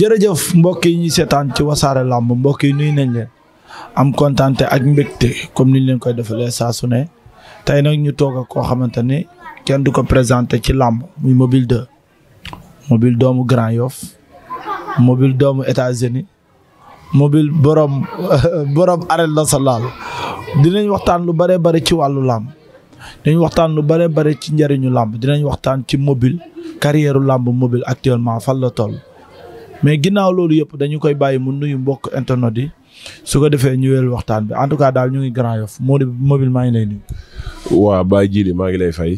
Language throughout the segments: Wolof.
jërëjëf mbokk yi ñuy seetaan ci wasaare làmb mbokk yi nuyu nañ leen am kontaan ak mbégte comme ni leen koy defalee saa su ne tey nag ñu toog ak koo xamante ni kenn du ko présenté ci làmb muy mobile 2 mobile doomu Grand Yoff mobile doomu États-Unis mobile borom borom arène nationale dinañ waxtaan lu bare bare ci wàllu làmb dinañ waxtaan lu bare bare ci njariñu làmb dinañ waxtaan ci mobile carrière làmb mobile actuellement fan la toll. mais ginnaaw loolu yëpp dañu koy bàyyi mu nuyu mbokk internet yi su ko defee ñu waxtaan bi en tout cas daal ñu ngi Grand Yoff moo di mobile maa ngi lay nuyu. waa Baye Djili maa ngi lay fay.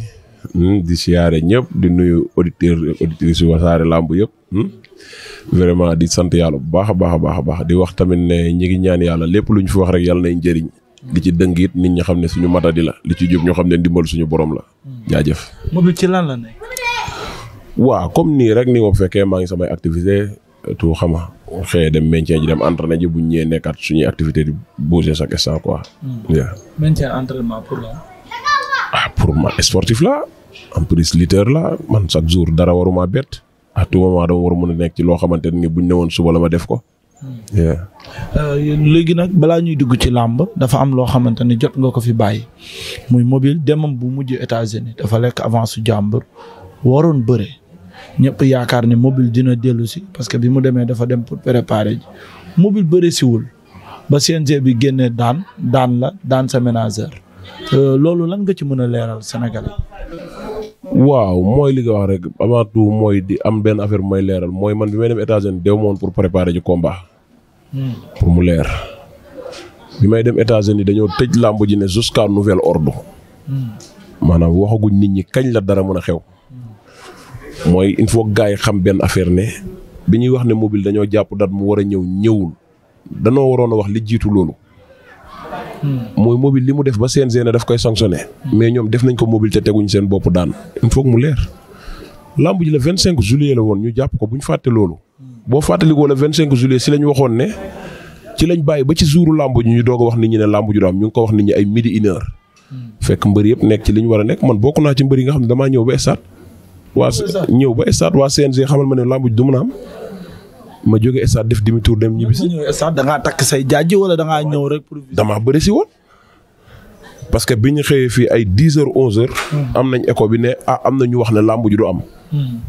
Hmm, di siyaare ñëpp di nuyu auditeurs auditrices yu Wassare Lamb yëpp. Hmm, vraiment di sant yàlla bu baax a baax a baax a baax di wax tamit ne ñi ngi ñaan yàlla lépp lu ñu fi wax rek yàlla nay njëriñ. li ci dëng nit ñi xam ne suñu matadi la li ci jub ñu xam ne ndimbal suñu borom la. jaajëf. mobile ci la nekk. waa nii rek ni ma fekkee maa ngi samay activité tout xama nga xëy dem maintien ji dem entraîné ji bu ñu nekkat nekkaat suñuy activité di bouger chaque instant quoi. waaw hmm. maintien entraînement pour la. ah pour man sportif la en plus lutteur la man chaque jour dara waruma bett à tout moment dama war a a nekk ci loo xamante ne buñ ne woon suba la ma def ko. Hmm. Euh, léegi nag balaa ñuy dugg ci làmb dafa am loo xamante ne jot nga ko fi bàyyi muy mobile demam bu mujj États-Unis dafa lekk avance su jàmbur waroon bëre ñëpp yaakaar ni mobile dina dellu si parce que bi mu demee dafa dem pour préparer ji mobile bëri siwul ba CNG bi génne daan daan la daan sa ménageur euh, loolu lan nga ci mën a leeral Sénégal waaw mooy li nga wax rek avant tout mooy di am benn affaire bu may leeral mooy man bi may dem États-Unis dew moon pour préparer ji combat. Hmm. pour mu leer. bi may dem États-Unis dañoo tëj làmb ji ne jusqu'à nouvel ordre. Hmm. maanaam waxaguñ nit ñi kañ la dara mën a xew. mooy il faut gars yi xam benn affaire ne bi ñuy wax ne mobile dañoo jàpp dat mu war a ñëw ñëwul danoo waroon a wax li jiitu loolu. mooy mobile li mu def ba CNG ne daf koy sanctionné. mais ñoom def nañ ko mobile te teguñ seen bopp daan. il faut mu leer. lamb la le vingt cinq la woon ñu jàpp ko bu ñu fàtte loolu. boo fàttalikoo le vingt cinq juillet si la ñu waxoon ne. ci lañ bàyyi ba ci suuru lamb ji ñu doog a wax nit ñi ne lamb ju du am ñu ngi ko wax nit ñi ay midi une heure. fekk mbër yëpp ñu war a nekk man naa ci mbër yi nga xam ne ñëw ba waa ñëw ba stade waa CNG xamal ma ne lambu ji du mën a am ma jóge stade def demi tour dem ñibbi si. stade da takk say jaaj wala da ngaa ñëw rek. damaa bëri si woon. parce que bi ñu xëyee fii ay dix heures onze heures. Hmm. am nañ écho bi ne ah am na ñu wax ne lambu ji du am. Hmm.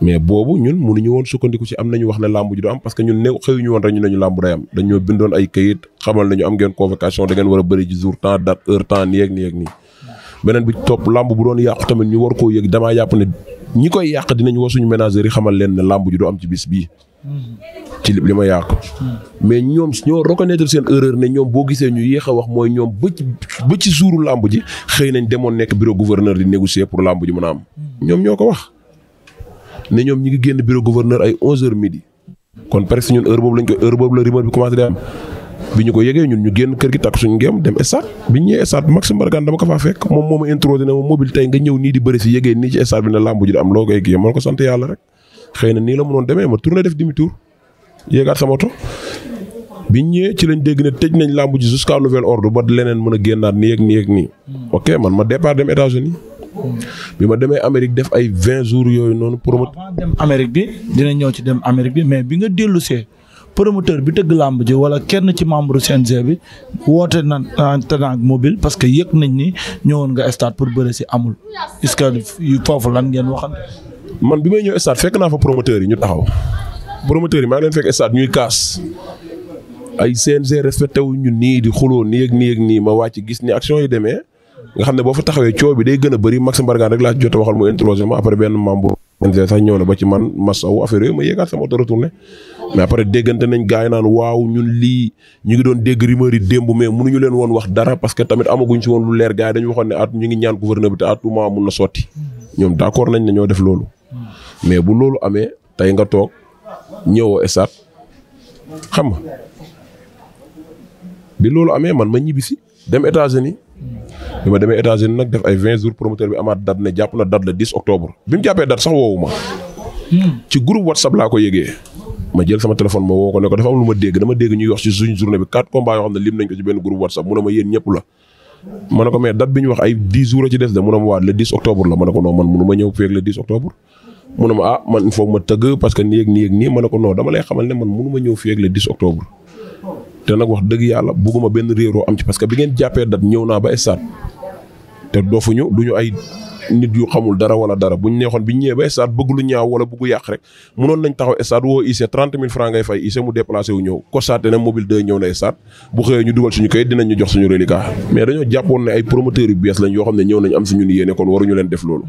mais boobu ñun mënuñu woon sukkandiku ci am nañu wax ne làmb du am parce que ñun ne xëyuñu woon rek ñu nañu làmb day am bindoon ay këyit xamal nañu am ngeen convocation da war a bëri ji jour temps date heure temps beneen bi topp lamb bu doon yàqu tamit ñu war koo yëg damaa yàpp ne ñi koy yàq dinañu war suñu ménageurs yi xamal leen ne lamb ji du am ci bis bii. ci li ma yàq. mais ñoom ñoo reconnaître seen erreur ne ñoom boo gisee ñu yéex a wax mooy ñoom ba ci ba ci suuru lamb ji xëy nañ demoon nekk bureau gouverneur di négocier pour lamb ji mën a am. ñoom ñoo ko wax ne ñoom ñi ngi génn bureau gouverneur ay 11h midi. kon presque ñun heure boobu lañ ko heure boobu la rumeur bi commencé di am. bi ñu ko yëgee ñun ñu génn kër gi takk suñu ngéem dem stade bi ñu ñëwee stade Maxime Bargane dama ko fekk moom moo ma introduit ne ma mobile tey nga ñëw nii di bëri si yëgee nii ci stade bi ne làmb ji am loo koy kii ma ko sant yàlla rek xëy nii la mënoon demee ma tourné def demi tour yéegaat sama oto biñ ñëwee ci lañ dégg ne tëj nañ làmb ji jusqu'à nouvel ordre ba leneen mën a génnaat nii ak nii ak nii ok man ma départ dem États-Unis bi ma demee Amérique def ay vingt jours yooyu noonu. pour Amérique bi dina ñëw ci dem Amérique bi mais bi nga dellusee promoteur bi tëgg làmb ji wala kenn ci membre CNG bi woote na tenant mobile parce que yëg nañ ni ñëwoon nga stade pour bëre si amul est que foofu lan ngeen waxan man bi may ñëw stade fekk naa fa promoteur yi ñu taxaw promoteur yi maa ngi leen fekk stade ñuy kaas ay CNG respecté wu ñu nii di xuloo ni ak nii ak nii ma wàcc gis ni action yi demee nga xam ne boo fa taxawee coow bi day gën a bëri Max Mbargane rek laa ci jot a waxal mu introsé ma après benn membre NG sax ñëw na ba ci man masawu affaire yooyu ma yéegaat sama oto retourné mais après déggante nañ gars yi naan waaw ñun lii ñu ngi doon dégg rumeur yi démb mais mënuñu leen woon wax dara parce que tamit amaguñ si woon lu leer gars yi dañu waxoon ne at ñu ngi ñaan gouverneur bi te à tout moment mun na sotti ñoom d' accord nañ ne ñoo def loolu mais bu loolu amee tey nga toog ñëwoo esat xam nga bi loolu amee man ma ñibbisi dem États-Unis bi ma demee États-Unis nag def ay vingt jours promoteur bi amaat date ne jàpp na date le octobre bi mu jàppee date sax woowu ma. Hmm. ci groupe WhatsApp laa ko yëgee. ma jël sama téléphone ma woo ko ne dafa am ma dégg dama dégg ñuy wax ci suñu bi quatre combats yoo xam ne lim nañ ko ci benn groupe WhatsApp mu ne ma yéen ñëpp la. ma ne ko mais date bi ñu wax ay dix jours a ci des de mu ne ma waa le octobre la ma ne ko non man munu ma ñëw feeg le octobre te nag wax dëgg yàlla bugguma benn réeroo am ci parce que bi ngeen jàppee dat ñëw naa ba stade te ñu dofuñu ñu ay nit yu xamul dara wala dara buñ neexoon ñu ñëwee ba stade bëgg lu ñaaw wala bëggu yàq rek mënoon nañ taxaw stade woo Isseu trente mille francs ngay fay Isseu mu déplacé wu ñëw constaté ne mobile 2 ñëw na stade bu xëyee ñu dugal suñu kayit dinañu ñu jox suñu reliquat mais dañoo jàppoon ne ay promoteurs yu bees lañ yoo xam ne ñë nañ am suñu yéene kon waruñu leen def loolu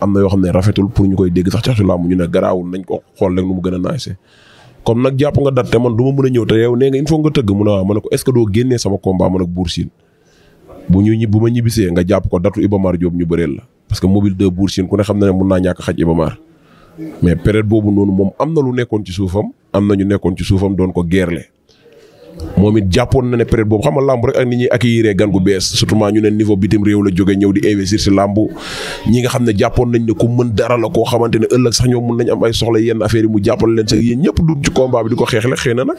am na yoo xam ne rafetul pour ñu koy dégg sax cax ci làmb ñu ne garaawul nañ ko xool rek nu mu gën a comme nag jàpp nga date te man du ma mën a ñëw te yow nee nga il faut nga tëgg mu ne waaw man ak Bour Sine bu ñu bu ma ñibbisee nga jàpp ko datu Iba Mar Diop ñu bëreel la parce que mobile 2 Bour Sine ku ne xam na ne mun naa ñàkk xaj Iba Mar mais période boobu noonu moom am na lu nekkoon ci suufam am na ñu nekkoon ci suufam doon ko geerle moom it jàppoon na ne période boobu xam nga làmb rek ak nit ñuy accueillir gan gu bees surtout ñu ne niveau bitim réew la jóge ñëw di investir si làmb ñi nga xam ne jàppoon nañ ne ku mën dara la koo xamante ne ëllëg sax ñoom mun nañ am ay soxla yenn affaire yi mu jàppal leen sax yéen ñëpp dund ci combat bi di ko xeexle xëy na nag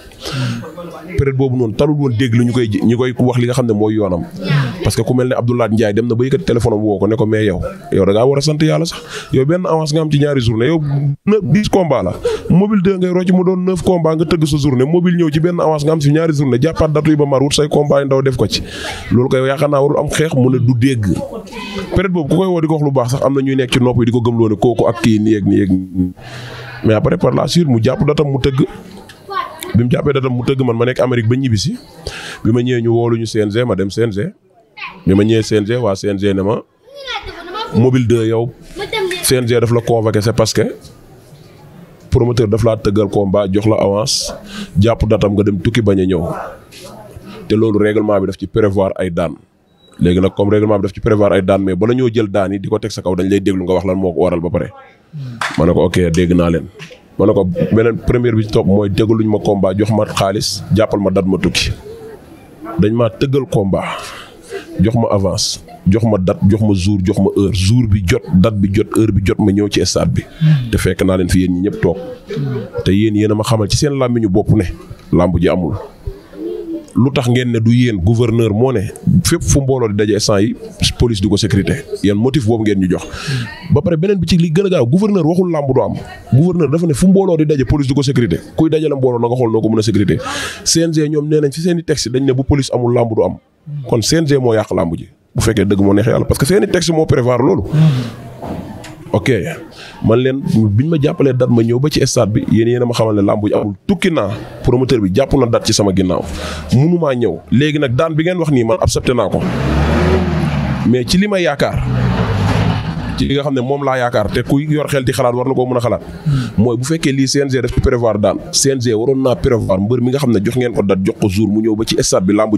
période boobu noonu talul woon dégg lu ñu koy ñu koy wax li nga xam ne mooy yoonam parce que ku mel ne Abdoulaye Ndiaye dem na b yëkkati téléphone am woo ko ne ko mais yow yow da a mobile 2 ngay rocc mu doon neuf combat nga tëgg sa journée mobile ñëw ci benn def nekk ci nopp yi di ko mais après par la suite mu jàpp datam mu tëgg bi mu jàppee datam mu tëgg man ma nekk Amérique ba ñibbi si bi ma ñëwee ñu wooluñu CNG ma dem CNG bi ma ñëwee CNG waa CNG ne ma mobile 2 yow CNG daf la convoqué c'est parce que promoteur daf laa tëggal combat jox la avance jàpp datam nga dem tukki bañ a ñëw te loolu règlement bi def ci prévoir ay daan léegi nag comme règlement bi def ci prévoir ay daan mais bala ñoo jël daan yi di ko teg sa kaw dañ lay déglu nga wax lan moo ko waral ba pare. ma ne ko ok dégg naa leen. ma ne ko beneen première bi ci topp mooy tegaluñ ma combat jox ma xaalis jàppal ma dat ma tukki dañ ma tëggal combat jox ma avance jox ma date jox ma jour jox ma heure jour bi jot date bi jot heure bi jot ma ñëw ci stade bi. Hmm. te fekk naa leen fi yéen ñi ñëpp toog. Hmm. te yéen yéen ma xamal ci seen ñu bopp ne làmb ji amul. lu tax ngeen ne du yéen gouverneur moo ne fu mbooloo di daje instant yi police du ko sécurité yan motif jox. Hmm. ba pare beneen bi ci li gën a gaaw gouverneur waxul làmb du am gouverneur dafa ne fu mbooloo di daje police du ko sécurité kuy dajale mbooloo na nga xool noo ko nañ ci seen i texte dañ ne bu police amul làmb du am. kon CNG moo yàq làmb ji. bu fekkee dëgg moo neex yàlla parce que seeni texte moo prévoir loolu. ok man leen biñ ma jàppalee date ma ñëw ba ci stade bi yéen yéen a ma xamal ne làmb ji amul tukki naa promoteur bi jàpp na date ci sama ginnaaw mënumaa ñëw léegi nag daan bi ngeen wax nii man accepté naa ko mais ci li ma yaakaar. ci li nga xam ne moom laa yaakaar te kuy yor xel di xalaat war na koo mën a xalaat mooy bu fekkee lii CNG daf ci prévoir daan CNG waroon naa prévoir mbër mi nga xam ne jox ngeen ko dat jox ko jour mu ñëw ba ci stade bi làmb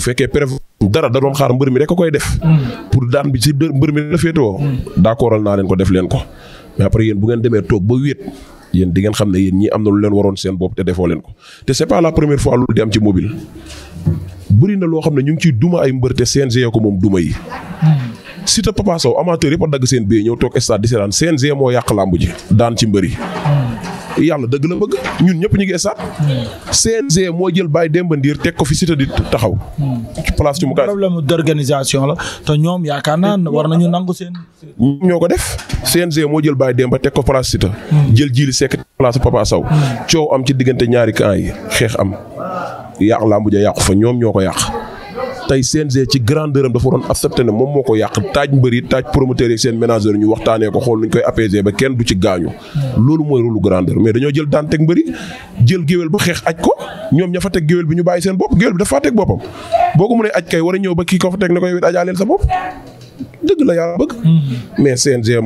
fekkee prévoir dara da doon xaar mbër mi rek koy def mm. pour daan bi ci mbër mi la féetewoo mm. d'accordal naa leen ko def leen ko mais après yéen bu ngeen demee toog ba wéet yéen di xam ne yéen ñii am na lu leen waroon seen bopp te defoo leen ko te c'est pas la première bëri na loo xam ne ñu ci ciy duma ay mbër te a ko moom duma yi. Siteu Papa Sow amateur yëpp a dagg seen bee ñëw toog stade di seetaan CNG moo yàq ñu ngi esaat. moo jël bàyyi Demba Ndiir teg ko fi Siteu di taxaw. ci place ci mu kaay problème d'organisation la te ñoom yaakaar naa war nañu nangu seen. ñoo ko def CNG moo jël bàyyi Demba teg ko place Siteu. jël jiili sekk place Papa Sow. Hmm. coow am ci diggante ñaari camp yi xeex am. yàq làmb ja yàqu fa ñoom ñoo ko yàq tey CNG ci grandeur am dafa waroon accepté ne moom moo ko yàq taaj mbër yi taaj promoteur yi seen ménageur ñu waxtaanee ko xool nuñ koy apaiser ba kenn du ci gaañu. loolu mooy rôle grandeur mais dañoo jël daan teg mbëri jël géwél ba xeex aj ko ñoom ña fa teg géwél bi ñu bàyyi seen bopp géwél bi dafa teg boppam boo ko mënee aj kay war a ñëw ba kii ko fa teg ne ko yow it ajaaleel sa bopp dëgg la yàlla mm-hmm.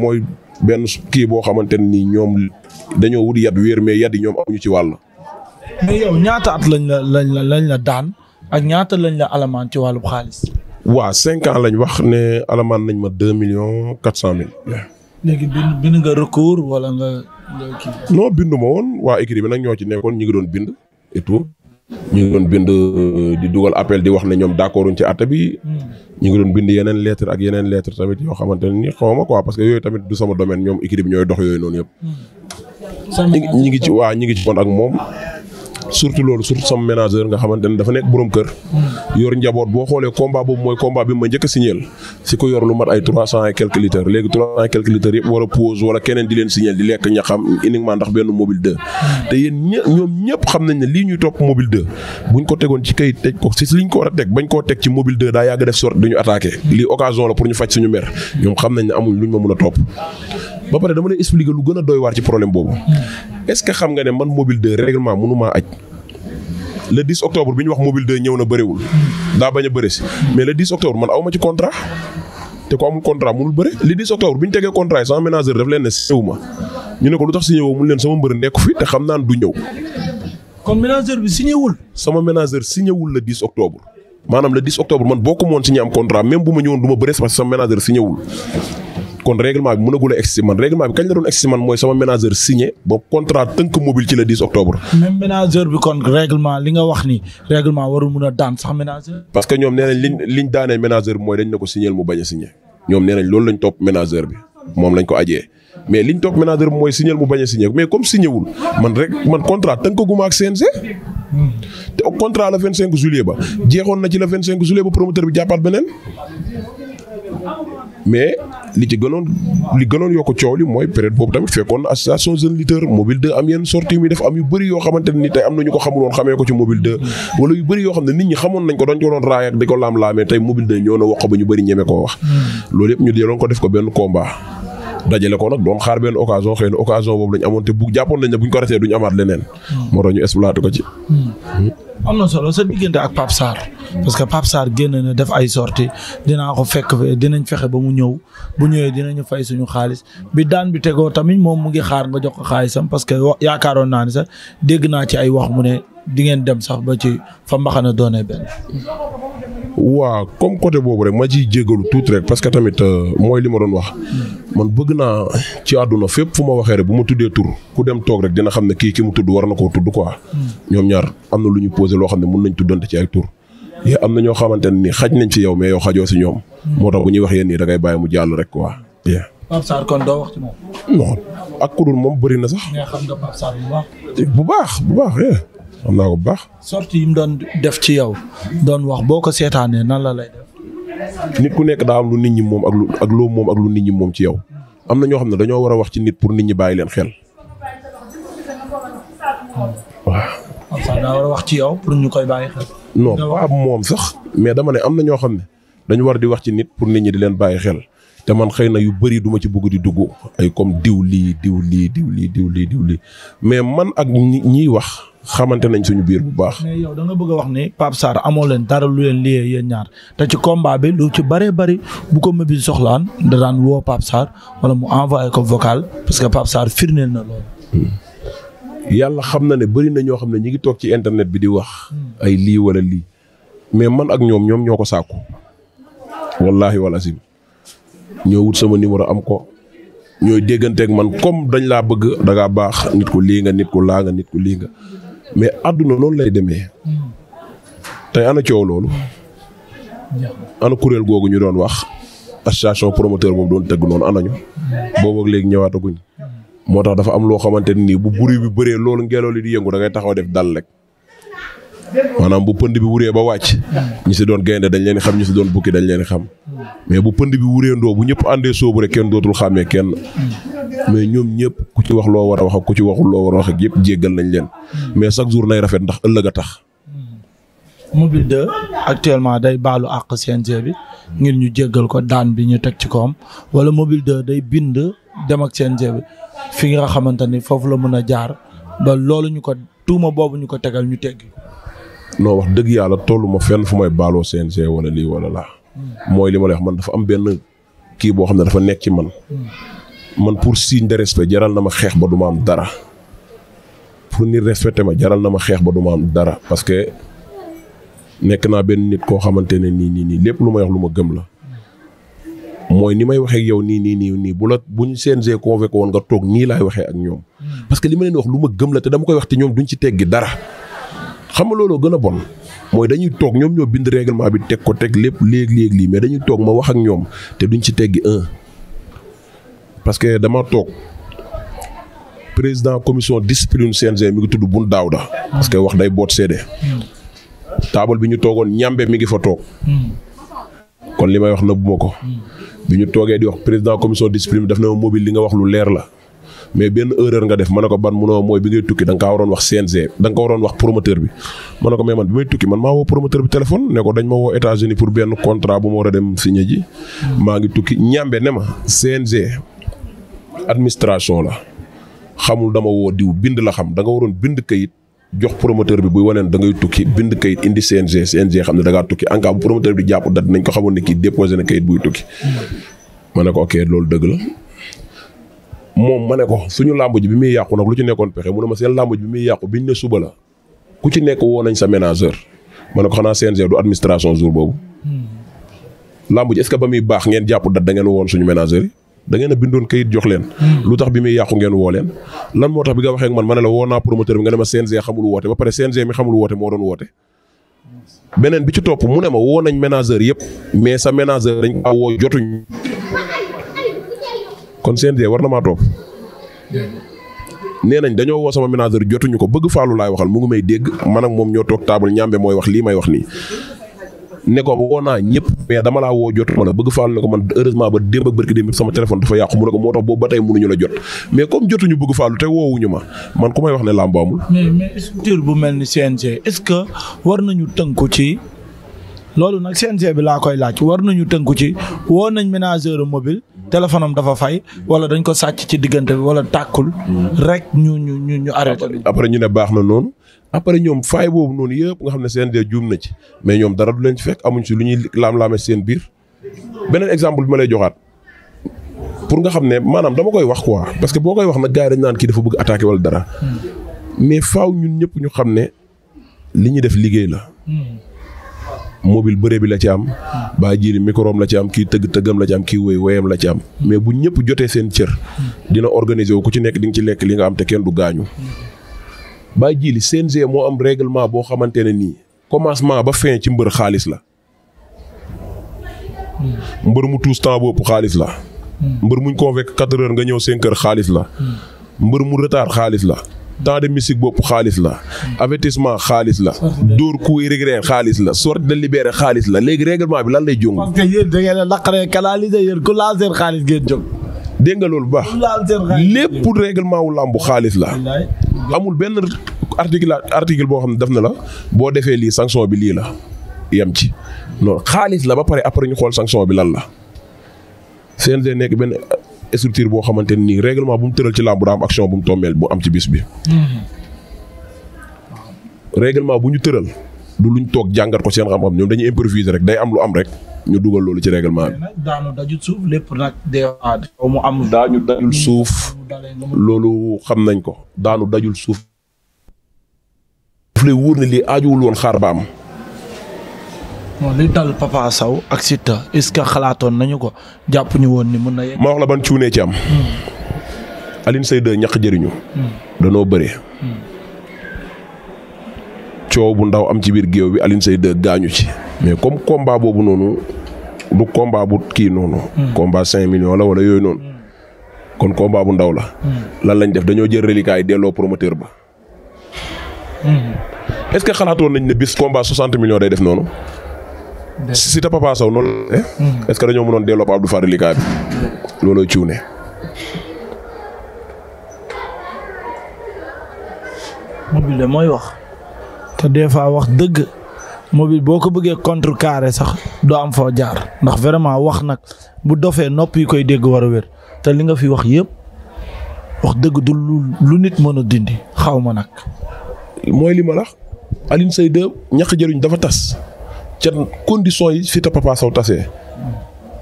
ni ñoom dañoo wut yat wéer mais yat yi ñoom amuñu ci mais yow ñaata at lañ la lañ la lañ la daan ak ñaata lañ la alamaan ci wàllu xaalis. waaw cinq ans lañ wax ne alamaan nañ ma deux millions quatre cent mille. léegi bind bind nga recours wala nga. non bindu ma woon waa écrit bi nag ñoo ci nekkoon ñu ngi doon bind tout. ñu ngi doon bind euh, di dugal appel di wax ne ñoom d'accord uñ ci àtte bi. Hmm. ñu ngi doon bind yeneen lettre ak yeneen lettre tamit yoo xamante ne ni xaw ma quoi parce que yooyu tamit du sama domaine ñoom écrit bi ñooy dox yooyu noonu yëpp. Hmm. ñi ngi ci waa ñi ngi ci woon ak moom. surtout loolu surtout sama ménageur nga xamante ne dafa nekk borom kër. yor njaboot boo xoolee combat boobu mooy combat bi ma njëkk a signalé si ko yor lu mat ay trois cent et quelques litres léegi trois cent et quelques litres yëpp war a pause wala keneen di leen signalé di lekk ñaxam uniquement ndax benn mobile 2. te yéen ñë ñoom ñëpp xam nañ ne lii ñuy topp mobile 2 buñ ko tegoon ci kayit tej ko si liñ ko war a teg bañ koo teg ci mobile 2 daa yàgg def sorte duñu attaqué lii occasion la pour ñu faj suñu mer ñoom xam nañ ne amul luñ mën a topp ba pare dama lay expliquer lu gën a doy waar ci problème boobu. est que xam nga ne man mobile 2 règlement mënu maa aj le 10 bi ñu wax mobile 2 ñëw na bëriwul. daa bañ a bëri si. mais le 10 octobre man aw ma ci contra te ko amul contrat mënul bëri le 10 octobre bi ñu tegee contra yi sama manager daf leen ne signé wu ma ñu ne ko lu tax signé woo mu leen sama mbër nekku fii te xam naan du ñëw. kon manager bi signé wul. sama manager signé wul le 10 octobre. le 10 octobre man moon si ñi am contrat même bu ma ñëwoon du ma bëri parce que sama manager wul. kon règlement bi mënagul a egsi man règlement bi kañ la doon egsi man mooy sama ménageur signé ba contrat tënk mobile ci le octobre. même bi a daan sax moom lañ ko ajee. mais liñ topp ménageur bi mooy signé mu bañ signé mais comme signé man rek man contrat tënkaguma ak CNG. te contrat le 25 juillet ba jeexoon na ci le 25 juillet ba promoteur bi jàppaat beneen. mais li ci gënoon li gënoon yokk coow li mooy période boobu tamit fekkoon na association jeune leader mobile 2 am yenn sortie mi def am yu bëri yoo xamante ne ni tey am na ñu ko xamul woon xamee ko ci mobile 2. wala yu bëri yoo xam ne nit ñi xamoon nañ ko doon ko doon raay ak di ko laam-laamee tey mobile 2 ñëw na wax ba ñu bëri ñeme koo wax. Hmm. loolu yëpp ñu jëloon ko def ko benn combat. dajale ko nag doon xaar benn occasion xëy na occasion boobu lañ amoon te bu jàppoon nañ ne buñ ko duñ amaat leneen. Hmm. moo tax ñu ko ci. Hmm. Hmm. am na solo sa diggante ak Pape Sarr parce que Pape Sarr génn na def ay sorties dinaa ko fekk dinañ fexe ba mu ñëw bu ñëwee ñu fay suñu xaalis bi daan bi tegoo tamit moom mu ngi xaar nga jox ko xaalisam parce que yaakaaroon naa ne sax dégg naa ci ay wax mu ne di ngeen dem sax ba ci fa mbaxana doonee benn. waa comme côté boobu rek ma ciy jéggalu tuuti rek parce que tamit euh, mooy li ma doon wax. man bëgg naa ci àdduna fépp fu ma waxee rek bu ma tuddee tur ku dem toog rek dina xam ne kii ki mu tudd war na koo tudd quoi. ñoom ñaar am na lu ñu posé loo xam ne mun nañ tuddante ci ay tur. yee am na ñoo xamante ne ni xaj nañ ci yow mais yow xajoo si ñoom. moo tax bu ñuy wax yéen nii da ngay bàyyi mu jàll rek quoi. Pape Sarr kon doo wax ci moom. ak ku dul moom bëri na sax. mais xam nga Pape bu baax bu baax xam naa ko bu baax. sorti yi mu doon def ci yow doon wax boo ko seetaanee nan la lay def. nit ku nekk daa am lu nit ñi moom ak lu ak loo moom ak lu nit ñi moom ci yow am na ñoo xam ne dañoo war a wax ci nit pour ñi bàyyi leen xel. wax ci yow ñu koy bàyyi xel. moom sax mais dama am na ñoo xam ne dañu war di wax ci nit pour nit ñi di leen bàyyi xel te man xëy na yu bëri duma ci bëgg di dugg ay comme diw lii diw lii diw lii diw lii diw mais man ak ñi ñiy wax. xamante nañ suñu biir bu baax. mais yow da nga bëgg a wax ne Pape amoo leen dara lu leen liyee yéen ñaar te ci combat bi lu ci bëree bari bu ko Mobile soxlaan da daan woo Pape Sarr wala mu envoyé ko vocal parce que Pape Sarr firndeel na loolu. Hmm. yàlla xam na ne bëri na ñoo xam ne ñi ngi toog ci internet bi di wax. Hmm. ay lii wala lii mais man ak ñoom ñoom ñoo ko sàkku. wallaahi wala sim ñoo wut sama numéro am ko. ñooy dégganteek man comme dañ laa bëgg da ngaa baax nit ku lii nga nit ku lii nga. mais àdduna noonu lay demee. tey ana coow loolu. ana kuréel googu ñu doon wax. association promoteur boobu doon tëgg noonu anañu. boobu ak léegi ñëwaataguñ. moo tax dafa am loo xamante ni bu buri bi bëree loolu ngelaw li di yëngu da ngay taxaw def dal rek. maanaam bu pënd bi wuree ba wàcc ñi si doon gaynde dañ leen xam ñi si doon bukki dañ leen xam mais bu pënd bi wuree ndoo bu ñëpp àndee soobu rek kenn dootul xàmmee kenn mais ñoom ñëpp ku ci wax loo war a wax ak ku ci waxul wax ak yëpp jéggal nañ leen mais chaque jour nay rafet ndax ëllëg a tax Mobile 2 actuellement day baalu àq CNG bi ngir ñu jéggal ko daan bi ñu teg ci koom wala Mobile 2 day bind dem ak CNG bi fi nga xamante ni foofu la mën a jaar ba loolu ñu ko tuuma boobu ñu ko tegal ñu teggi non wax dëgg yàlla tollu ma fenn fu may baaloo CNG wala lii wala laa. mooy li ma la wax man dafa am benn kii boo xam ne dafa nekk ci man. man pour signe de respect jaral na ma xeex ba du ma am dara. pour nit respecté ma jaral na ma xeex ba du am dara parce que nekk naa benn nit koo xamante ne nii nii nii lépp lu may wax lu ma gëm la. mooy ni may waxee yow nii nii nii nii bu la bu ñu CNG convoqué woon nga toog nii laay waxee ak ñoom. Hmm. parce que li ma leen wax lu ma gëm la te dama koy wax te ñoom duñ ci teggi dara. xam nga looloo gën a bon mooy dañuy toog ñoom ñoo bind règlement bi teg ko teg lépp léeg-léeg lii mais dañuy toog ma wax ak ñoom te duñ ci teggi un parce que dama toog président commission discipline CNG mi ngi tudd Bun Daawda parce que wax day boot seede taabal bi ñu toogoon ñàmbe mi ngi fa toog kon li may wax nëbbu ma ko bi ñu toogee di wax président commission discipline bi daf na ma mobile li nga wax lu leer la mais benn erreur nga def ma ne ko ban munoo mooy bi ngay tukki da nga kaa waroon wax CNG da nga ko waroon wax promoteur bi ma ne ko mais man bi may tukki man maa woo promoteur bi téléphone ne ko dañ ma woo États-Unis pour benn contrat a dem signé maa ngi tukki ñambe ne ma CNG administration la xamul dama woo diw bind la xam da nga waroon bind kayit jox promoteur bi buy waneen da ngay tukki bind kayit indi CNG CNG xam ne da tukki en cas bu promoteur bi jàpp dat nañ ko xamoon ne kii déposé na kayit buy tukki ma ne ko ok loolu dëgg la moom ma ne ko suñu làmb ji bi muy yàqu nag lu ci nekkoon pexe mu ne ma seen làmb ji bi muy yàqu biñ ne suba la ku ci nekk woo nañ sa ménageur ma ne ko xanaa CNG du administration jour boobu. làmb ji ba muy baax ngeen jàpp dat da ngeen woon suñu ménageur yi da ngeen a bindoon kayit jox leen. Hmm. lu tax bi muy yàqu ngeen woo leen. lan moo tax bi nga waxee ak man ma ne la woo naa promoteur bi nga ne ma CNG xamul woote ba pare CNG mi xamul woote beneen bi ci topp mu ne woo nañ ménageur yëpp mais sa ménageur dañ ko woo jotuñ kon CNG war na maa toog nee nañ dañoo woo sama manager jotuñu ko bëgg faalu laay waxal mu ngi may dégg man ak moom ñoo toog table ñàmbe mooy wax lii may wax nii. ne ko woo naa ñëpp mais dama laa woo jotuma la bëgg faalu ne ko man heureusement ba démb ak barki sama téléphone dafa yàqu mu ne ko moo tax boobu ba tey mënuñu la jot mais comme jotuñu bëgg faalu te woowuñu ma man ku may wax ne làmb amul. mais mais structure bu mel ni CNG est-ce que war nañu tënku ci. loolu nag CNG bi laa koy laaj war nañu tënku ci woo nañ manager mobile. téléphone am dafa fay wala dañ ko sàcc ci diggante bi wala tàkkul. rek ñu ñu ñu ñu arrêté. après ñu ne baax na noonu. après ñoom faay boobu noonu yëpp nga xam ne CNG juum na ci mais ñoom dara du leen ci fekk amuñ si lu ñuy laam-laame seen biir. beneen exemple bi ma lay joxaat pour nga xam ne maanaam dama koy wax quoi parce que boo koy wax na gars yi dañ naan kii dafa bëgg attaqué wala dara. Hmm. mais faaw ñun ñëpp ñu xam ne li ñuy def liggéey la. Hmm. mobile bëre bi la ci am baa jili microom la ci am kii tëgg tëggam la ci am kii woy woyam la ci am mais bu ñëpp jotee seen cër dina organiser wu ku ci nekk di nga ci lekk li nga am te kenn du gaañu baa jili CNG moo am règlement boo xamante ne nii commencement ba fin ci mbër xaalis la mbër mu tuus temps bopp xaalis la mbër muñ convoqué quatre heures nga ñëw cinq heures xaalis la mbër mu retard xaalis la temps de musique bopp xaalis la avertissement xaalis la dóor kuy regret xaalis la sortie de libéré xaalis la léegi règlement bi lan lay jóg. parce que a naqaree canaliser yéen ku laal seen xaalis ngeen jóg. dégg nga loolu baax lépp règlement wu làmbu xaalis la amul benn article article boo xam ne def na la boo defee lii sanction bi lii la yem ci non xaalis la ba pare après ñu xool sanction bi lan la CNG nekk benn structure boo xamante ne nii règlement bu mu tëral ci làmb daa am action bu mu tombeel bu am ci bis bi. Mm-hmm. règlement bu ñu tëral du luñ toog jàngat ko seen xam-xam ñoom dañuy improviser rek day am lu am rek ñu dugal loolu ci règlement bi. daanu dajul suuf lépp nag mu am. daanu dajul suuf loolu xam nañ ko daanu dajul suuf. daf lay wóor ne lii aajuwul woon xaar ba am. bon li dal Papa Sow ak Siteu est xalaatoon nañu ko jàpp woon ni mun na yegg. ma wax la ban cuunee ci am. Hmm. Alioune Seye de ñaq jariñu hmm. danoo bëree. Hmm. coow bu ndaw am ci biir géew bi Alioune Seye de gaañu ci. mais comme combat boobu noonu du combat bu kii noonu. combat cinq la wala yooyu noonu. kon combat bu ndaw la. lan lañ def dañoo jël reliquat yi delloo promoteur ba. est-ce xalaatoon nañ ne bis combat 60 millions day def noonu. si ta Papa Sow la hmm. est-ce que dañoo mënoon delloo Abdou Fadou Lika bi. looloo cuune. mobile de mooy wax. te des fois wax dëgg. mobile boo ko bëggee contre contrecarrer sax doo am foo jaar ndax vraiment wax nag bu dofee nopp yi koy dégg war a wér te li nga fi wax yëpp wax dëgg du lu nit mën a dindi xaw ma nag. mooy li ma la Alioune Seye de ñàkk jëriñ dafa tas. ca condition yi Siteu Papa Sow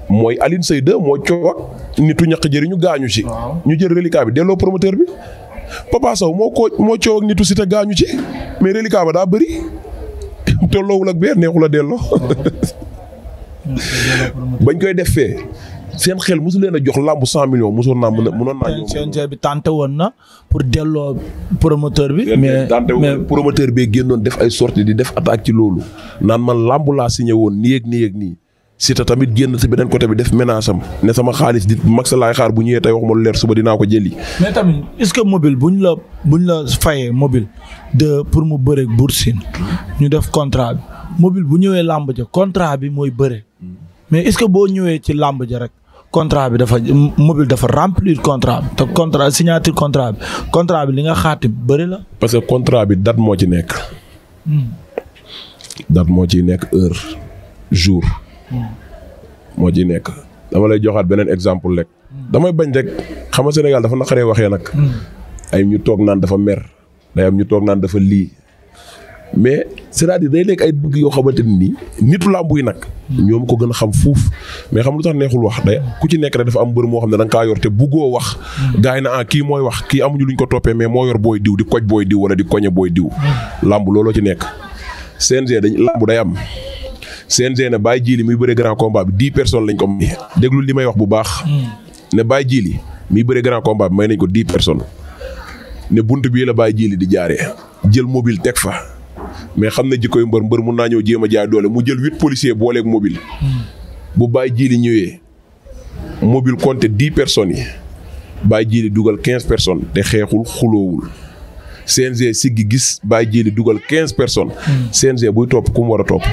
mooy Alioune Seye 2 moo coowak nitu ñaq jëriñu gaañu ci ñu jër reliquat bi delloo promoteur bi Papa moo ko moo coow ak nitu Siteu gaañu ci mais reliquat ba daa bëri tolloowul ak beer neexul a delloo bañ koy def fee seen xel mosu leen a jox làmb cent millions mosoon naa mën a mënoon naa ñëw. CNG bi tànte woon na pour delloo promoteur bi. mais mais promoteur bi génnoon def ay sorties di def attaque ci loolu. naan man làmb laa signé woon nii ak nii ak nii. Siteu tamit génn si beneen côté bi def ménage am ne sama xaalis di mag sa laay xaar bu ñëwee tey wax ma lu leer suba dinaa ko jëli. mais tamit est-ce que mobile buñ la buñ la fayee mobile de pour mu bëreeg Bour Sine ñu def contrat bi mobile bu ñëwee làmb ja contrat bi mooy bëre hmm. mais est-ce que boo ñëwee ci làmb ja rek. contrat bi dafa mobile dafa remplir contrat bi te contrat signature contrat bi contrat bi li nga xaati bari la. parce que contrat bi date moo ci nekk. Hmm. date moo ciy nekk heure jour. Hmm. moo ci nekk dama lay joxaat beneen exemple rek. Hmm. damay bañ rek xam a Sénégal dafa naqaree waxee nag. ay ñu toog naan dafa mer. day am ñu toog naan dafa lii mais c'est-à-dire day nekk ay dugg yoo xamante ne nii nitu làmb yi nag. ñoom ko gën a xam fuuf. mais xamul lu tax neexul wax day ku ci nekk rek dafa am mbër moo xam ne da nga kaa yor te buggoo wax. gars na ah kii mooy wax kii amuñu luñ ko toppee mais moo yor booy diw di koj booy diw wala di koñe booy diw. làmb looloo ci nekk. CNG dañ làmb day am. CNG ne bàyyi jiili muy bëre grand combat bi dix personnes lañ ko may. déglu li may wax bu baax. Hmm. ne baay jiili muy bëre grand combat may nañ ko dix personnes. ne bunt bii la bàyyi jiili di jaaree. jël mobile teg fa mais xam na jikkoy mbër mbër mun naa ñëw jéema a jaay doole mu jël huit policiers booleeg mobile. bu bàyyi jiili ñëwee mobile compté dix personnes yi bàyyi jiili dugal quinze personnes te xeexul xuloowul CNG siggi gis bàyyi jiili dugal quinze personnes. CNG buy topp ku mu war a topp.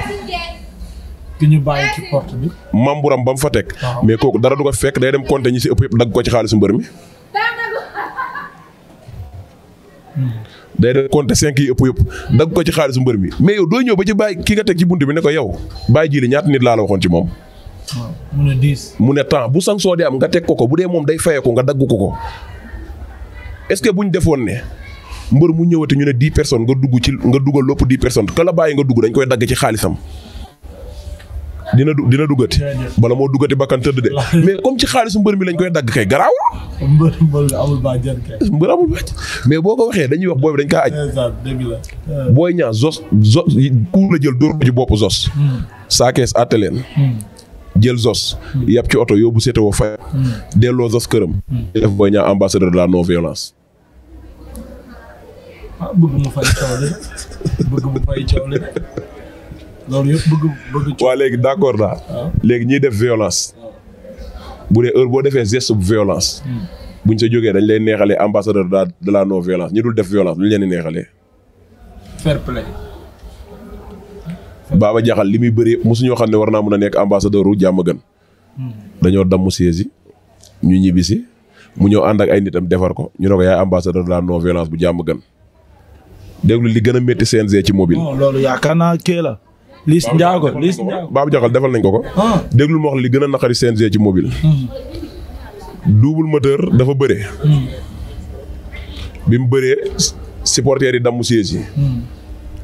ki ñu bàyyi ci ba mu fa teg. mais kooku dara du fekk day dem compté ñi si ëpp yëpp dagg ko ci xaalisu mbër mi. day da compter cinq yi ëpp yëpp dagg ko ci xaalis mbër mi mais yow doo ñëw ba ci bàyyi ki nga teg ci bunt bi ne ko yow bàyyi jili ñaata nit laal la waxoon ci moom mu ne temps bu soo di am nga teg ko ko bu dee moom day faye ko nga dagg ko ko est-ce que buñ defoon ne mbër mu ñëwati ñu ne dix personnes nga dugg ci nga dugal lopp dix personnes ka la bàyyi nga dugg dañ koy dagg ci xaalisam dina du dina duggati. bala moo duggati bakkan tëdd de. mais comme ci xaalisu mbër mi lañ koy dagg kay garaaw. mbër mbër amul bàjjen kay. mais boo ko waxee dañuy wax booy bi dañ kaa aj. Euh. booy ñaa zos zos ku la jël dóor ci bopp zos. Hmm. saa kees àtte leen. Hmm. jël zos. Hmm. yàpp ci oto yóbbu seetewoo fay. delloo zos këram. def booy ñaa la non violence. Ah, bëgg loolu yëpp bëgg bëgg. waa léegi d' accord daal. Ah. léegi ñiy def violence. Ah. bu dee heure boo defee geste bu violence. Hmm. buñ sa jógee dañ lay neexalee ambassadeur de la non violence ñi dul def violence lu ñu leen di neexalee. fair play. Baba Diakhal li muy bëri mosuñoo xam ne war naa mën a nekk ambassadeur wu jàmm gën. Hmm. dañoo damm siège ñu ñibbisi mu ñëw ànd ak ay nitam defar ko ñu ne ko yaay ambassadeur de la non bu jàmm gën déglu li gën a métti CNG ci mobile. loolu yaakaar naa kee Liss Ndiago Liss Ndiago Babu Jaxal defal nañ ko ko. Ah. déglu ma wax li gën a naqari CNG ci mobile. Mm-hmm. double moteur dafa bëree. Mm-hmm. bi mu bëree supporters yi damm siège yi. Mm-hmm.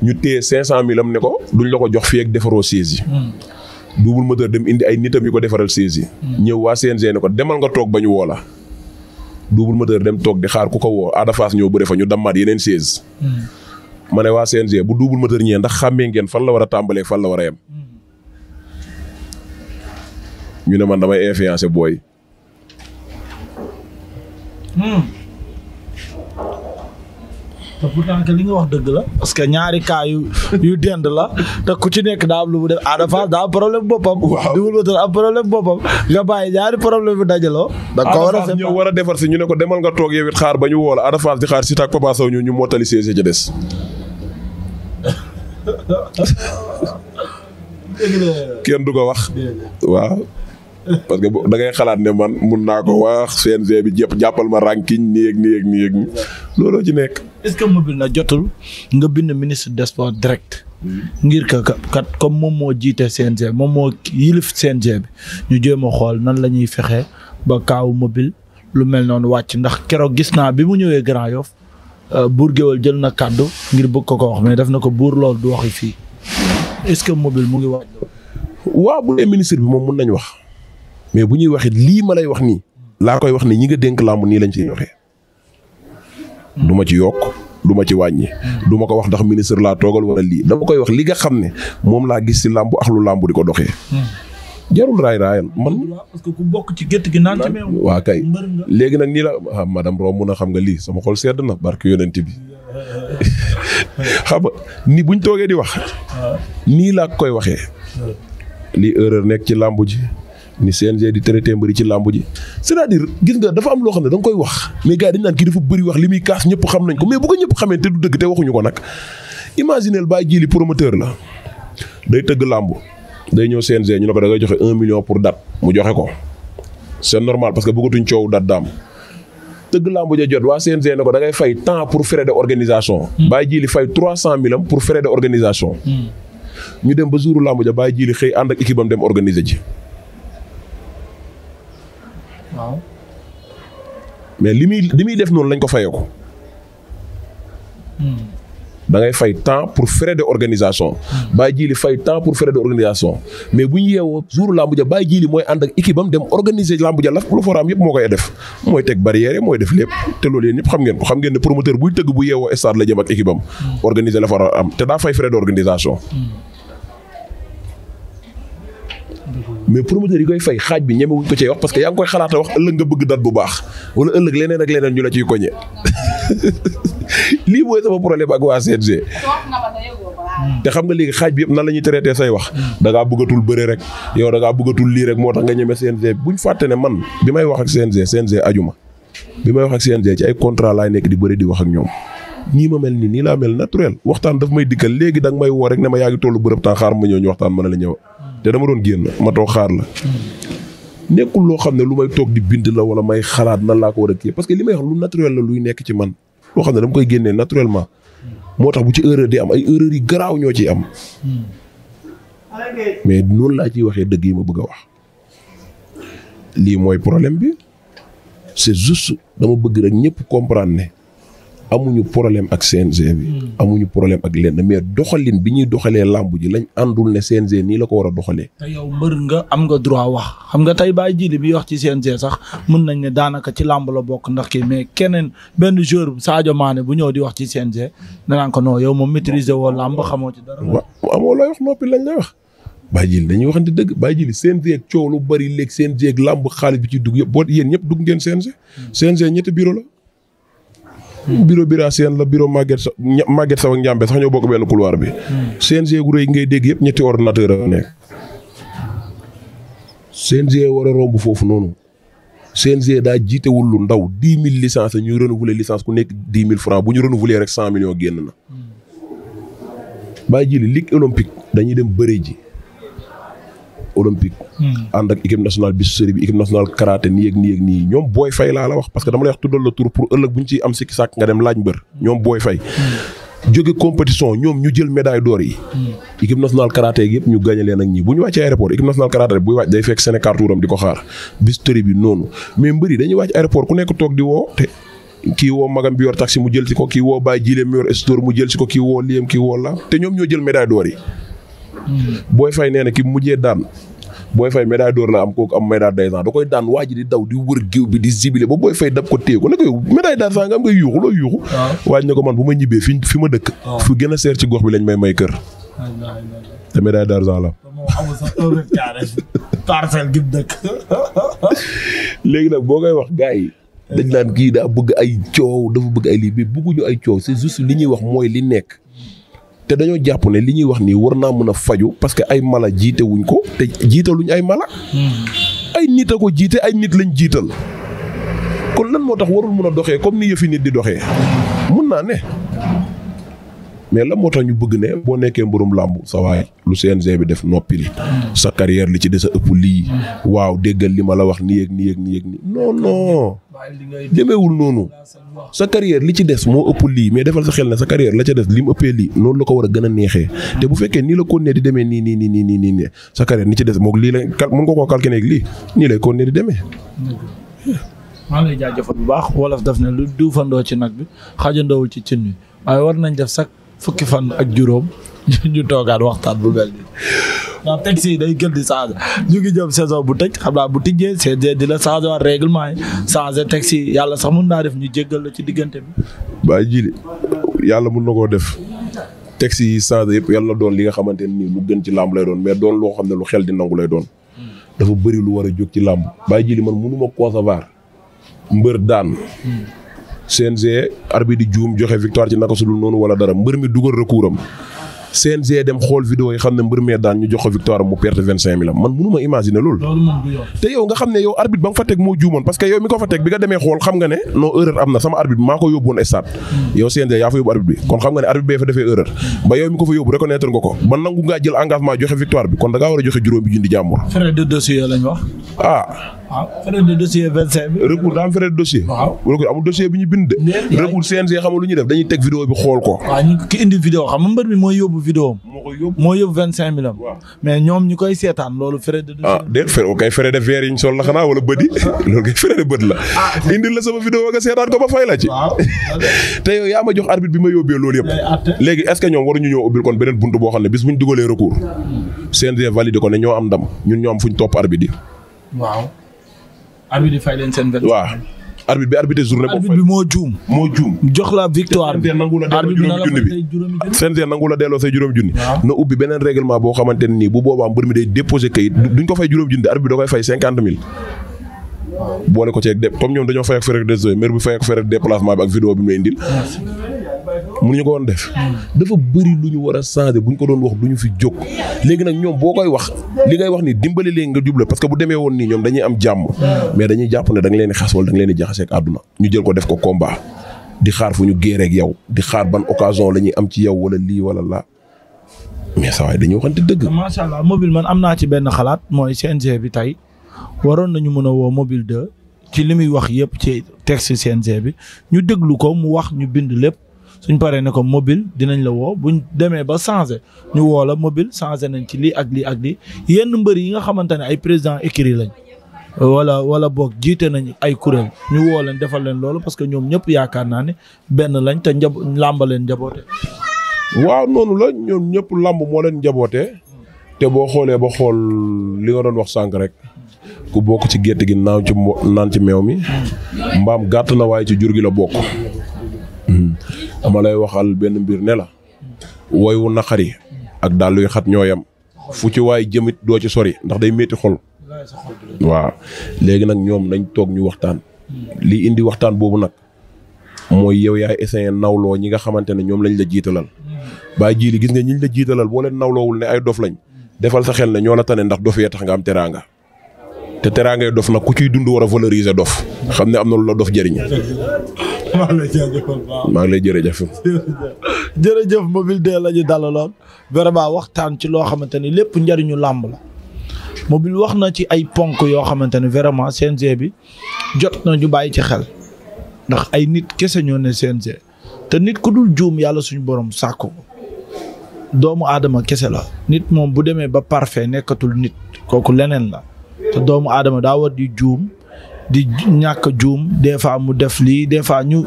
ñu téye 500000 am ne ko duñ la ko jox fii ak defaroo siège yi. double dem indi ay nitam yu ko defaral siège yi. ñëw waa CNG ne ko demal nga toog ba ñu woo la. double moteur dem toog di xaar ku ko woo Ada Fass ñëw bëre fa ñu dammaat yeneen siège. ma ne waa CNG bu double moteur ñëwee ndax xame ngeen fan la war a tàmbalee fan la war a yem. Hmm. ñu ne man damay influencer booy. Hmm. te pourtant que dëgg la parce que ñaari cas yu yu dend la te ku ci nekk daa am lu mu def Ada daa am problème boppam. waaw Double Moteur problème boppam nga bàyyi ñaari problème bi dajaloo. da war a Ada Fass defar si ñu ne ko demal nga toog yow xaar ba ñu woo la Ada Fass di xaar si taag Papa Sow ñu ñu mottali see si des. kenn du ko wax. waaw. parce que da ngay xalaat ne man mun naa ko wax CNG bi jëpp jàppal ma ranking nii ak nii ak nii looloo ci nekk. est-ce que mobile na jotul nga bind ministre des sports direct. ngir ka kat comme moom moo jiite CNG moom moo yilif CNG bi ñu jéem a xool nan la ñuy fexe ba kaaw mobile lu mel noonu wàcc ndax keroog gis naa bi mu ñëwee Grand Yoff Euh, buur géwél jël na kàddu ngir bëgg ko ko wax mais def na ko buur loolu du waxi fii est-ce que mobile mu ngi wax. waaw bu dee ministre bi moom mun nañu wax mais bu ñuy waxit lii ma lay wax nii laa koy wax ni ñi nga dénk làmb nii lañ ciy waxee. du ma ci yokk du ma ci wàññi. du ma ko wax ndax ministre laa toogal wala lii dama koy wax li nga xam ne moom laa gis si làmb ak lu làmb di ko doxee. jarul raay raayal man. ku bokk ci gétt gi naan ci meew. waa kay léegi nag nii la ah madame Ro mun a xam nga lii sama xol sedd na barke yonent bi xam nga ni buñ toogee di wax. nii laa koy waxee. lii erreur nekk ci làmb ji. ni CNG di traité mbëri ci làmb ji c'est-à-dire gis nga dafa am loo xam ne da koy wax mais gars yi dañu naan kii dafa bëri wax li muy kaas ñëpp xam nañ ko mais bu ko ñëpp xamee te du dëgg te waxuñu ko nag imagineel bàyyi jili promoteur la day tëgg làmb day ñëw CNG ñu ne ko da ngay joxe un million pour date mu joxe ko c'est normal parce que bëggatuñ coow date daam tëgg làmb ja jot waa CNG ne ko da ngay fay temps pour frais de organisation. Hmm. bàyyi ji li fay trois cent mille pour frais de organisation. Hmm. ñu dem ba jouru làmb ja bàyyi ji li xëy ànd ak équipe am dem organiser ji. mais li muy li muy def noonu lañ ko fayee hmm. dangay fay temps pour frais de organisation. baa jiili fay temps pour frais de organisation. mais bu ñu yeewoo jour làmb ja baa jiili mooy ànd ak équipe dem organiser làmb ja laf lu foraam yëpp moo koy def. mooy teg barrière mooy def lépp te loolu yéen ñëpp xam ngeen ko xam ngeen ne promoteur buy tëgg bu yeewoo stade la jëm ak équipe am. organiser la foraam te daa fay frais d'organisation. mais promoteur yi koy fay xaaj bi ñeme ko cee wax parce que yaa ngi koy xalaata wax ëllëg nga bëgg date bu baax wala ëllëg leneen ak leneen ñu la ciy koñe lii mooy sama problème ak waa CNG. te xam nga léegi xaaj bi yëpp nan la ñuy traité say wax. Hmm. dangaa ngaa bëggatul bëre rek. yow da ngaa bëggatul lii rek moo tax nga ñeme CNG buñ fàtte ne man bi may wax ak CNG CNG ajuma bi may wax ak CNG ci ay contrat laay nekk di bëri di wax ak ñoom. nii ma mel nii nii laa mel naturel waxtaan daf may dikkal léegi danga may woo rek ne ma yaa ngi tollu bërëb temps xaar ma ñëw ñu waxtaan ma ne la ñëw. Hmm. te dama doon génn ma toog xaar la. Hmm. nekkul loo xam ne lu may toog di bind la wala may xalaat nan laa ko war a kii parce que li may lu nekk ci man loo xam ne dama koy génnee naturellement moo tax bu ci erreur di am ay erreur yi garaaw ñoo ciy am. mais noonu laa ciy waxee dëgg yi ma bëgg a wax. lii mooy problème bi c'est juste dama bëgg rek ñëpp comprendre amuñu problème ak CNG bi. Hmm. amuñu problème ak lenn mais doxalin bi ñuy doxalee làmb ji lañ àndul ne CNG nii la ko war a doxalee. te yow mbër nga am nga droit wax xam nga tey bàyyi jili bi wax ci CNG sax mën nañ ne daanaka ci làmb la bokk ndax ki mais keneen benn joueur Sadio maane bu ñëw di wax ci CNG danaan ko non yow moom maîtriser woo làmb xamoo ci dara. waaw amoo looy wax noppi lañ lay wax. bàyyi jili dañuy waxante dëgg bàyyi jili CNG ak coow lu bari léeg CNG ak làmb xaalis bi ci dugg yëpp yéen ñëpp dugg ngeen CNG. Hmm. CNG ñetti bureau bureau Bira Sène la bureau Maguette sa Maguette Sow ak Njambe sax ñoo bokk benn couloir bi. CNG gu rëy ngay dégg yëpp ñetti ordinateur a nekk. CNG war a romb foofu noonu. CNG daa jiitewul lu ndaw dix mille licences la ñuy renouveler licence ku nekk dix mille francs bu ñu renouveler rek cent millions génn na. bàyyi ji li ligue olympique dañuy dem bëre ji. olympique. Hmm. ànd ak équipe nationale biscuiterie bi équipe nationale karaté nii ak nii ak ñoom booy fay laa la wax parce que dama lay wax tuddal la tur pour ëllëg bu ñu ciy am sikki sàkk nga dem laaj mbër ñoom booy fay. Hmm. jóge compétition ñoom ñu jël médaille d'or yi. Hmm. équipe nationale karaté gi yëpp ñu gagné ak ñii bu ñu wàccee aéroport équipe nationale karaté buy wàcc day fekk Sénégal tuuram di ko xaar biscuiterie bi wàcc aéroport ku nekk di woo te. kii bi mu ko kii woo Baye Jilem mu yor store mu jël si ko kii booy fay nee na ki mujjee daan booy fay médaille d'or la am kooku am médaille d'argent da koy daan waa ji daw di wër géew bi di zibile ba booy fay dab ko téye ko ne ko yow médaille d'argent nga am ngay yuuxu loo yuuxu waaj na ko man bu ma ñibbee fi fi ma dëkk fu gën a seer ci gox bi lañ may may kër te médaille d'argent la léegi nag boo koy wax gars dañ naan kii daa bëgg ay coow dafa bëgg ay lii bi bëgguñu ay coow c'est juste li ñuy wax mooy li nekk te dañoo jàpp ne li ñuy wax nii war naa mën a faju parce que ay mala jiite wuñ ko te jiitaluñ ay mala. Hmm. ay nit a ko jiite ay nit lañ jiital. kon lan moo tax warul mën a doxee comme ni yëfi nit di doxee. mën hmm. naa ne. mais la moo tax ñu bëgg ne boo nekkee mburum làmb sa waay lu CNG bi def noppil sa carrière li ci des a ëpp lii waaw déggal li ma la wax ni ak ni ak nii ak nii non non demeewul noonu sa carrière li ci des moo ëpp lii mais defal sa xel ne sa carrière la ca des li mu ëppee lii noonu la ko war a gën a neexee te bu fekkee nii la continuer di demee nii nii nii nii nii nii nii sa carrière ni ci des moog lii la mën nga koo calculer lii nii lay continuer di demee bu baax wolof daf ne lu duufandoo ci nag ci cin bi waaye war nañ def chaque fukki fan ak juróom ñu toogaat waxtaan bu mel nii ndax texte yi day gën di changé ñu ngi jëm saison bu tëj xam naa bu tijjee CNG dina changé waat réglement yi changé texte yi yàlla sax mën naa def ñu jéggal la ci diggante bi. baa ji yàlla mun na koo def texte yi changé yëpp yàlla doon li nga xamante nii lu gën ci làmb lay doon mais doon loo xam ne lu xel di nangu lay doon. dafa bëri lu war a jóg ci làmb. baa ji man mënu ma concevoir mbër daan. CNG arbitre di juum joxe victoire ci naka su noonu wala dara mbër mi dugal recours am CNG dem xool vidéo yi xam ne mbër mee daan ñu jox victoire mu perte vingt cinq mille man mënuma imaginer loolu te yow nga xam ne yow arbitre ba nga fa teg moo juumoon parce que yow mi ko fa teg bi nga demee xool xam nga ne non erreur am na sama arbitre maa ko yóbbu woon stade hmm. yow CNG yaa fa yóbbu arbitre bi kon xam nga ne arbitre bee fa defee erreur ba yow mi ko ah waaw frais de dossier vingt cinq mille. recours daa am amul dossier bi ñu bind. de recours CNG xamul lu ñuy def dañuy teg vidéo bi xool ko. waaw ñu ki indi vidéo xam nga mbër mi mooy yóbbu vidéo am. moo yóbbu moo yóbbu vingt cinq mille am. mais ñoom ñu koy seetaan loolu frais de. dossier ah, de verre yi ñu wala bët yi loolu kay frais de bët la. Ah, indil la sama vidéo nga seetaan ko ba fay la ci. te yow yaa ma jox arbitre bi ma yóbbee loolu yëpp. léegi est ce que ñoom waruñu ñëw ubbil kon beneen bunt boo xam ne bis bu ñu dugalee recours CNG valide ko ne ñoo am ndam ñun ñoo am fuñ topp arbitre yi waaw. arbitre bi fay leen seen benn. waaw arbitre bi arbitre journée. arbitre bi moo juum. moo juum jox la victoire bi. arbitre bi nangu la delloo juróomi junni bi CNG junni. na ubbi beneen règlement boo xamante ne nii bu boobaa mbër mi day déposé kayit duñ ko fay juróomi junni de arbitre bi da koy fay cinquante mille. boole ko ci comme ñoom dañoo fay ak frais de maire bi fay ak frais de bi ak vidéo bi mu indil. mënuñu ko woon def dafa bëri lu ñu war a changer bu ñu ko doon wax du ñu fi jóg léegi nag ñoom boo koy wax li ngay wax ni dimbali leen nga juble parce que bu demee woon nii ñoom dañuy am jàmm mais dañuy jàpp ne da nga leen di xas wala da nga leen di jaxaseeg àdduna ñu jël ko def ko combat di xaar fu ñu géereeg yow di xaar ban occasion la ñuy am ci yow wala lii wala laa mais saa waay dañuy waxante dëgg. macha allah mobile man am naa ci benn xalaat mooy CNG bi tey waroon nañu mën a woo mobile 2 ci li muy wax yëpp ci texte CNG bi ñu déglu ko mu wax ñu bind lépp suñ paree ne ko mobile dinañ la woo buñ demee ba changé ñu woo la mobile changé nañ ci lii ak lii ak lii yenn mbër yi nga xamante ne ay président écurie lañ. wala wala boog jiite nañ ay kuréel ñu woo leen defal leen loolu parce que ñoom ñëpp yaakaar naa ne benn lañ te njab làmb leen waaw noonu la ñoom ñëpp làmb moo leen njaboote. te boo xoolee ba xool li nga doon wax sànq rek ku bokk ci gétt gi naaw ci naan ci meew mi mbaam gàtt na waaye ci jur gi la bokk Mm. dama lay waxal benn mbir ne la. woywu naqari. ak dàll yu xat ñooyam. fu ci waay jëmit doo ci sori ndax day métti xol. waaw léegi nag ñoom nañ toog ñu waxtaan. lii indi waxtaan boobu nag. mooy yow yaay essayé nawloo ñi nga xamante ne ñoom lañ la jiitalal. baa ji li gis nga ñiñ la jiitalal boo leen nawloowul ne ay dof lañ. defal sa xel ne ñoo la tane ndax dof yee tax nga am teraanga. te teraangay dof nag ku ciy dund war a valoriser dof. xam ne am na lu la dof jëriñ. maa ngi lay jaajëfal jërëjëf Mobile 2 la ñu dalaloon vraiment waxtaan ci loo xamante ni lépp njariñu làmb la. Mobile wax na ci ay ponk yoo xamante ne vraiment CNG bi jot na ñu bàyyi ci xel ndax ay nit kese ñoo ne CNG te nit ku dul juum yàlla suñu boroom sàkku doomu aadama kese la. nit moom bu demee ba parfait nekkatul nit kooku leneen la te doomu aadama daa war di juum. di ñàkk juum des fois mu def lii des fois ñu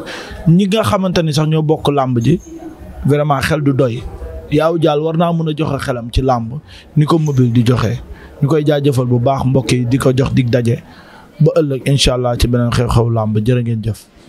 ñi nga xamante ni sax ñoo bokk làmb ji vraiment xel du doy yaaw jaal war naa mën a joxe xelam ci làmb ni ko mobile di joxe ñu koy jaajëfal bu baax mbokk yi di ko jox dig daje ba ëllëg incha allah ci beneen xew-xew làmb jërë ngeen jëf.